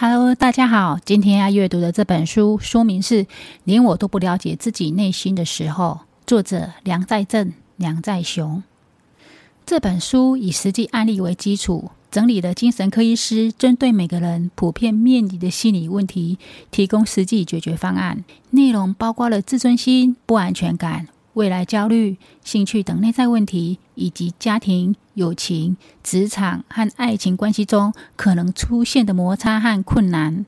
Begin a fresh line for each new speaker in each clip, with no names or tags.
Hello，大家好。今天要閱讀的這本書書名是《連我都不了解自己內心的時候》，作者梁在正、梁在雄。這本書以實際案例為基礎，整理了精神科醫師針對每個人普遍面臨的心理問題提供實際解決方案。內容包括了自尊心、不安全感。未來焦慮、興趣等內在問題，以及家庭、友情、職場和愛情關係中可能出現的摩擦和困難。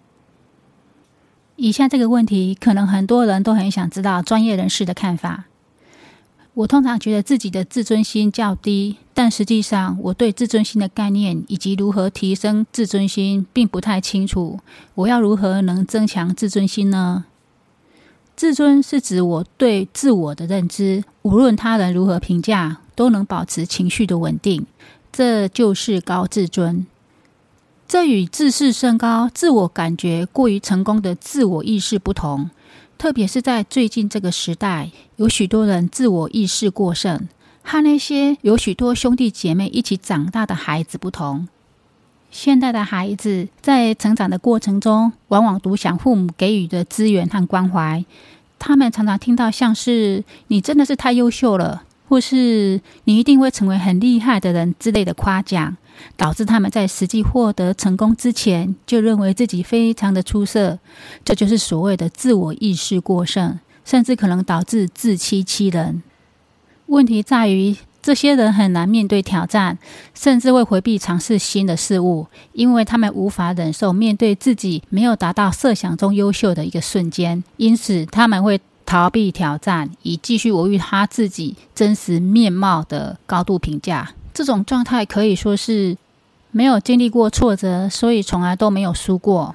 以下這個問題，可能很多人都很想知道專業人士的看法。我通常覺得自己的自尊心較低，但實際上我對自尊心的概念以及如何提升自尊心並不太清楚。我要如何能增強自尊心呢？自尊是指我對自我的認知，無論他人如何評價，都能保持情緒的穩定，這就是高自尊。這與自視甚高、自我感覺過於成功的自我意識不同，特別是在最近這個時代，有許多人自我意識過剩，和那些有許多兄弟姐妹一起長大的孩子不同。現在的孩子在成長的過程中，往往獨享父母給予的資源和關懷。他們常常聽到像是“你真的是太優秀了”或是“你一定會成為很厲害的人”之類的誇獎，導致他們在實際獲得成功之前就認為自己非常的出色。這就是所謂的自我意識過剩，甚至可能導致自欺欺人。問題在於，這些人很難面對挑戰，甚至會回避嘗試新的事物，因為他們無法忍受面對自己沒有達到設想中優秀的一個瞬間，因此他們會逃避挑戰，以繼續維護他自己真實面貌的高度評價。這種狀態可以說是沒有經歷過挫折，所以從來都沒有輸過。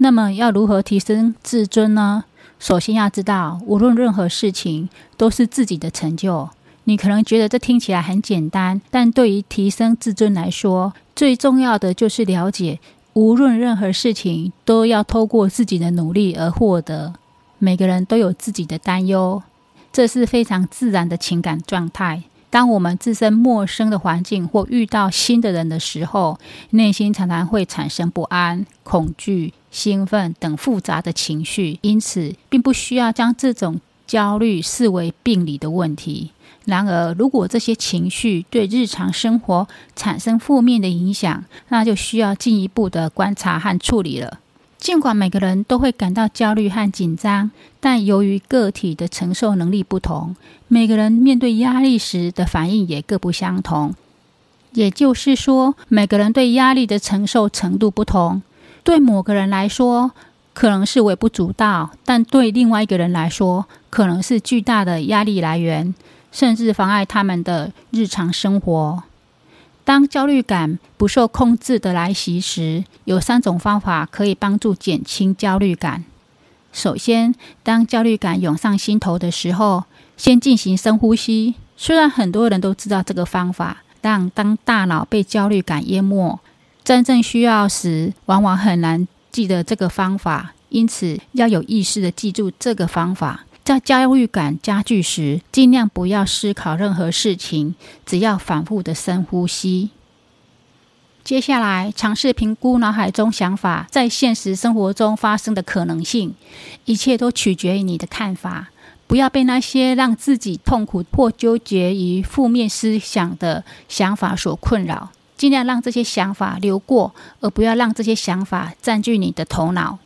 那麼，要如何提升自尊呢？首先要知道，無論任何事情都是自己的成就。你可能覺得這聽起來很簡單，但對於提升自尊來說，最重要的就是了解，無論任何事情都要透過自己的努力而獲得。每個人都有自己的擔憂，這是非常自然的情感狀態。當我們置身陌生的環境或遇到新的人的時候，內心常常會產生不安、恐懼、興奮等複雜的情緒，因此並不需要將這種焦慮視為病理的問題。然而，如果這些情緒對日常生活產生負面的影響，那就需要進一步的觀察和處理了。儘管每個人都會感到焦慮和緊張，但由於個體的承受能力不同，每個人面對壓力時的反應也各不相同。也就是說，每個人對壓力的承受程度不同。對某個人來說，可能是微不足道，但對另外一個人來說，可能是巨大的壓力來源。甚至妨礙他們的日常生活。當焦慮感不受控制的來襲時，有三種方法可以幫助減輕焦慮感。首先，當焦慮感湧上心頭的時候，先進行深呼吸。雖然很多人都知道這個方法，但當大腦被焦慮感淹沒，真正需要時，往往很難記得這個方法。因此，要有意識的記住這個方法。在焦慮感加劇時，盡量不要思考任何事情，只要反覆的深呼吸。接下來，嘗試評估腦海中想法在現實生活中發生的可能性。一切都取決於你的看法。不要被那些讓自己痛苦或糾結於負面思想的想法所困擾。盡量讓這些想法流過，而不要讓這些想法佔據你的頭腦。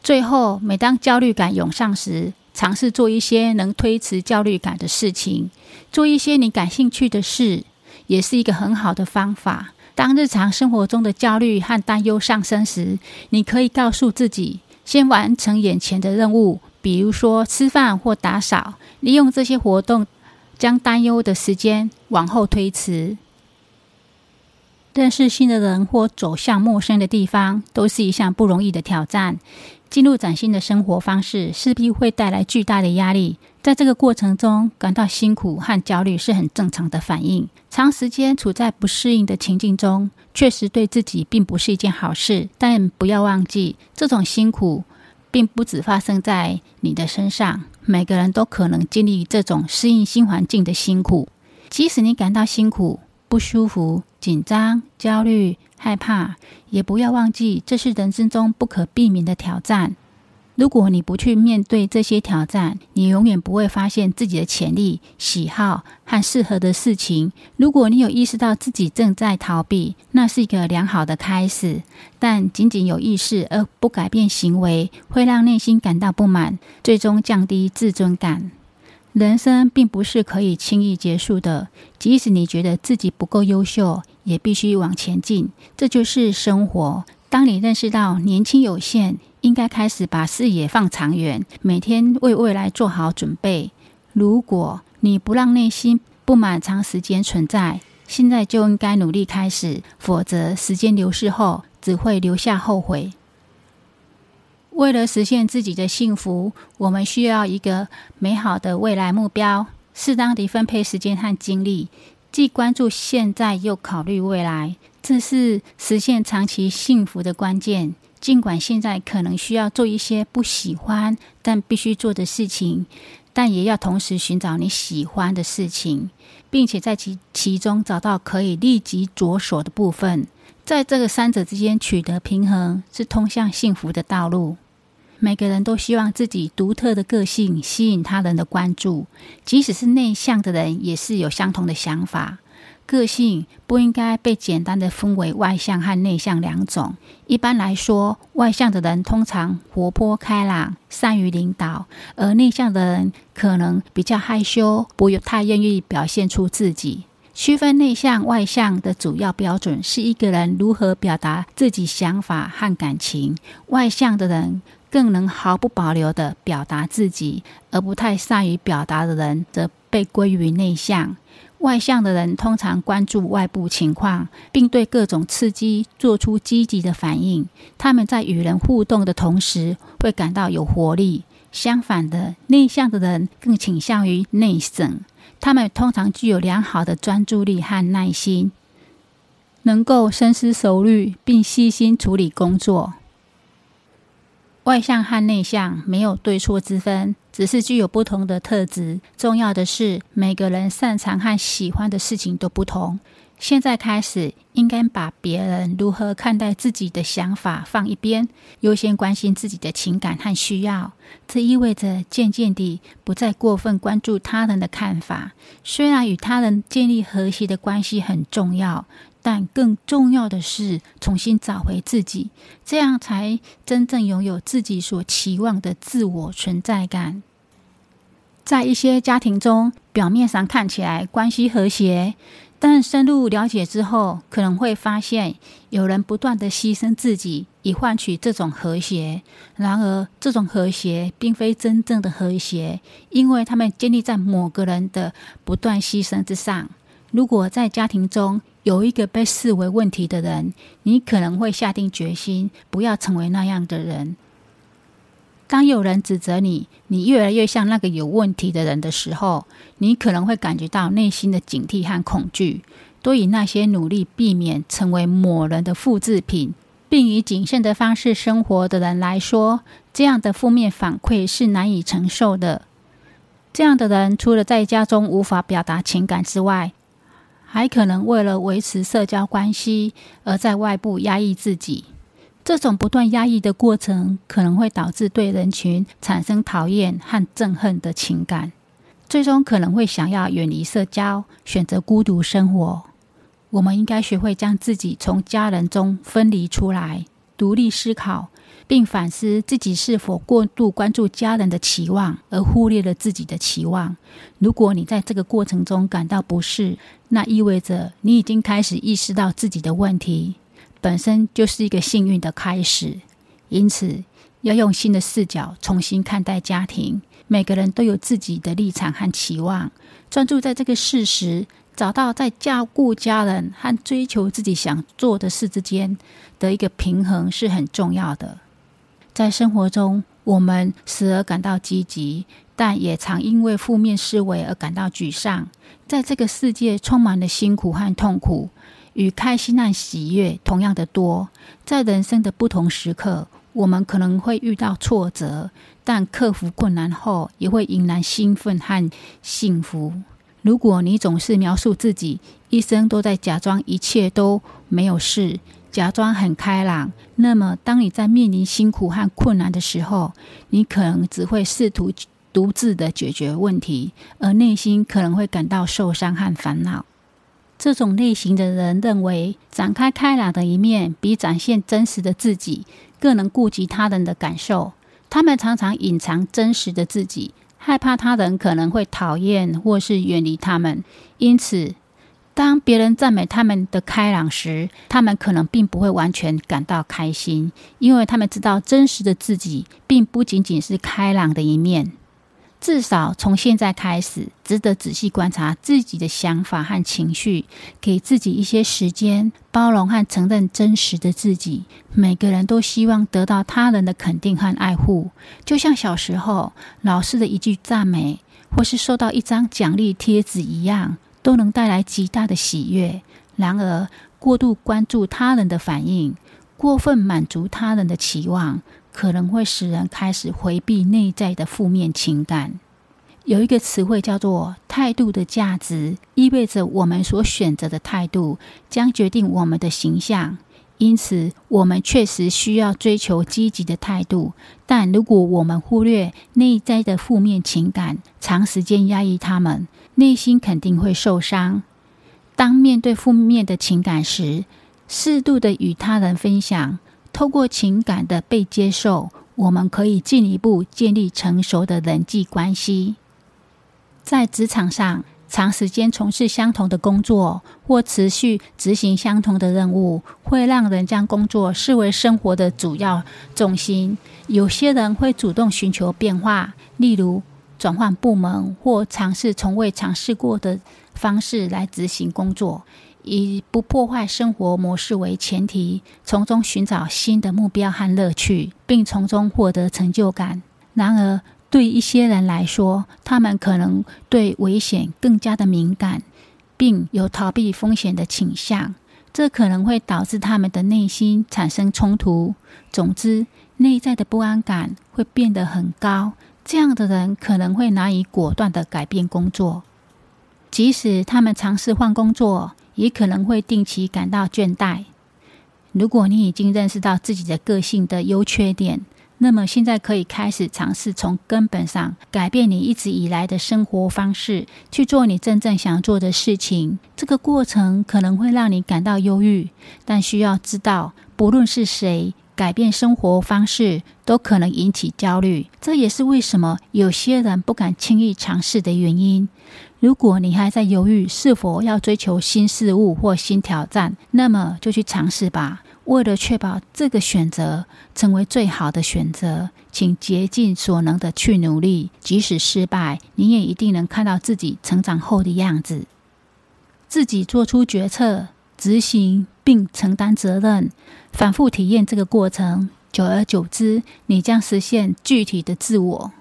最後，每當焦慮感湧上時，嘗試做一些能推遲焦慮感的事情，做一些你感興趣的事，也是一個很好的方法。當日常生活中的焦慮和擔憂上升時，你可以告訴自己，先完成眼前的任務，比如說吃飯或打掃，利用這些活動將擔憂的時間往後推遲。認識新的人或走向陌生的地方，都是一項不容易的挑戰。進入嶄新的生活方式，勢必會帶來巨大的壓力。在這個過程中，感到辛苦和焦慮是很正常的反應。長時間處在不適應的情境中，確實對自己並不是一件好事。但不要忘記，這種辛苦並不只發生在你的身上，每個人都可能經歷這種適應新環境的辛苦。即使你感到辛苦、不舒服、緊張、焦慮，害怕，也不要忘記，這是人生中不可避免的挑戰。如果你不去面對這些挑戰，你永遠不會發現自己的潛力、喜好和適合的事情。如果你有意識到自己正在逃避，那是一個良好的開始。但僅僅有意識而不改變行為，會讓內心感到不滿，最終降低自尊感。人生並不是可以輕易結束的，即使你覺得自己不夠優秀。也必須往前進，這就是生活。當你認識到年輕有限，應該開始把視野放長遠，每天為未來做好準備。如果你不讓內心不滿長時間存在，現在就應該努力開始，否則時間流逝後只會留下後悔。為了實現自己的幸福，我們需要一個美好的未來目標，適當的分配時間和精力。既關注現在，又考慮未來，這是實現長期幸福的關鍵。儘管現在可能需要做一些不喜歡但必須做的事情，但也要同時尋找你喜歡的事情，並且在其其中找到可以立即着手的部分。在這個三者之間取得平衡，是通向幸福的道路。每個人都希望自己獨特的個性吸引他人的關注，即使是內向的人也是有相同的想法。個性不應該被簡單的分為外向和內向兩種。一般來說，外向的人通常活潑開朗，善於領導；而內向的人可能比較害羞，不太願意表現出自己。區分內向外向的主要標準是一個人如何表達自己想法和感情。外向的人，更能毫不保留地表達自己，而不太善於表達的人則被歸於內向。外向的人通常關注外部情況，並對各種刺激做出積極的反應。他們在與人互動的同時，會感到有活力。相反的，內向的人更傾向於內省。他們通常具有良好的專注力和耐心，能夠深思熟慮並細心處理工作。外向和內向沒有對錯之分，只是具有不同的特質。重要的是，每個人擅長和喜歡的事情都不同。現在開始，應該把別人如何看待自己的想法放一邊，優先關心自己的情感和需要。這意味着漸漸地不再過分關注他人的看法。雖然與他人建立和諧的關係很重要，但更重要的是重新找回自己，這樣才真正擁有自己所期望的自我存在感。在一些家庭中，表面上看起來關係和諧，但深入了解之後，可能會發現有人不斷地犧牲自己以換取這種和諧。然而，這種和諧並非真正的和諧，因為他們建立在某個人的不斷犧牲之上。如果在家庭中，有一個被視為問題的人，你可能會下定決心不要成為那樣的人。當有人指責你，你越來越像那個有問題的人的時候，你可能會感覺到內心的警惕和恐懼。對於那些努力避免成為某人的複製品，並以謹慎的方式生活的人來說，這樣的負面反饋是難以承受的。這樣的人除了在家中無法表達情感之外，還可能為了維持社交關係，而在外部壓抑自己。這種不斷壓抑的過程，可能會導致對人群產生討厭和憎恨的情感，最終可能會想要遠離社交，選擇孤獨生活。我們應該學會將自己從家人中分離出來，獨立思考。並反思自己是否過度關注家人的期望，而忽略了自己的期望。如果你在這個過程中感到不適，那意味着你已經開始意識到自己的問題，本身就是一個幸運的開始。因此，要用新的視角重新看待家庭，每個人都有自己的立場和期望，專注在這個事實，找到在照顧家人和追求自己想做的事之間的一個平衡是很重要的。在生活中，我們時而感到積極，但也常因為負面思維而感到沮喪。在這個世界，充滿了辛苦和痛苦，與開心和喜悅同樣的多。在人生的不同時刻，我們可能會遇到挫折，但克服困難後，也會迎來興奮和幸福。如果你總是描述自己一生都在假裝一切都沒有事。假裝很開朗，那麼當你在面臨辛苦和困難的時候，你可能只會試圖獨自的解決問題，而內心可能會感到受傷和煩惱。這種類型的人認為，展開開朗的一面比展現真實的自己更能顧及他人的感受。他們常常隱藏真實的自己，害怕他人可能會討厭或是遠離他們，因此。當別人讚美他們的開朗時，他們可能並不會完全感到開心，因為他們知道真實的自己並不僅僅是開朗的一面。至少從現在開始，值得仔細觀察自己的想法和情緒，給自己一些時間，包容和承認真實的自己。每個人都希望得到他人的肯定和愛護，就像小時候老師的一句讚美，或是收到一張獎勵貼紙一樣。都能帶來極大的喜悅。然而，過度關注他人的反應，過分滿足他人的期望，可能會使人開始回避內在的負面情感。有一個詞彙叫做“態度的價值”，意味着我們所選擇的態度將決定我們的形象。因此，我們確實需要追求積極的態度。但如果我們忽略內在的負面情感，長時間壓抑他們，內心肯定會受傷。當面對負面的情感時，適度地與他人分享，透過情感的被接受，我們可以進一步建立成熟的人際關係。在職場上，長時間從事相同的工作，或持續執行相同的任務，會讓人將工作視為生活的主要重心。有些人會主動尋求變化，例如，轉換部門或嘗試從未嘗試過的方式來執行工作，以不破壞生活模式為前提，從中尋找新的目標和樂趣，並從中獲得成就感。然而，對一些人來說，他們可能對危險更加的敏感，並有逃避風險的傾向，這可能會導致他們的內心產生衝突。總之，內在的不安感會變得很高。這樣的人可能會難以果斷地改變工作，即使他們嘗試換工作，也可能會定期感到倦怠。如果你已經認識到自己的個性的優缺點，那麼現在可以開始嘗試從根本上改變你一直以來的生活方式，去做你真正想做的事情。這個過程可能會讓你感到憂鬱，但需要知道，不論是誰。改變生活方式都可能引起焦慮，這也是為什麼有些人不敢輕易嘗試的原因。如果你還在猶豫是否要追求新事物或新挑戰，那麼就去嘗試吧。為了確保這個選擇成為最好的選擇，請竭盡所能的去努力。即使失敗，你也一定能看到自己成長後的樣子。自己做出決策，執行。並承擔責任，反覆體驗這個過程，久而久之，你將實現具體的自我。